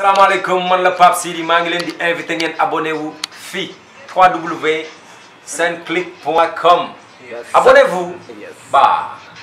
salaamaaleykum man la Pape Sidi maa ngi leen di invité ngeen abonné wu fii www senclic point com abonnez-vous baa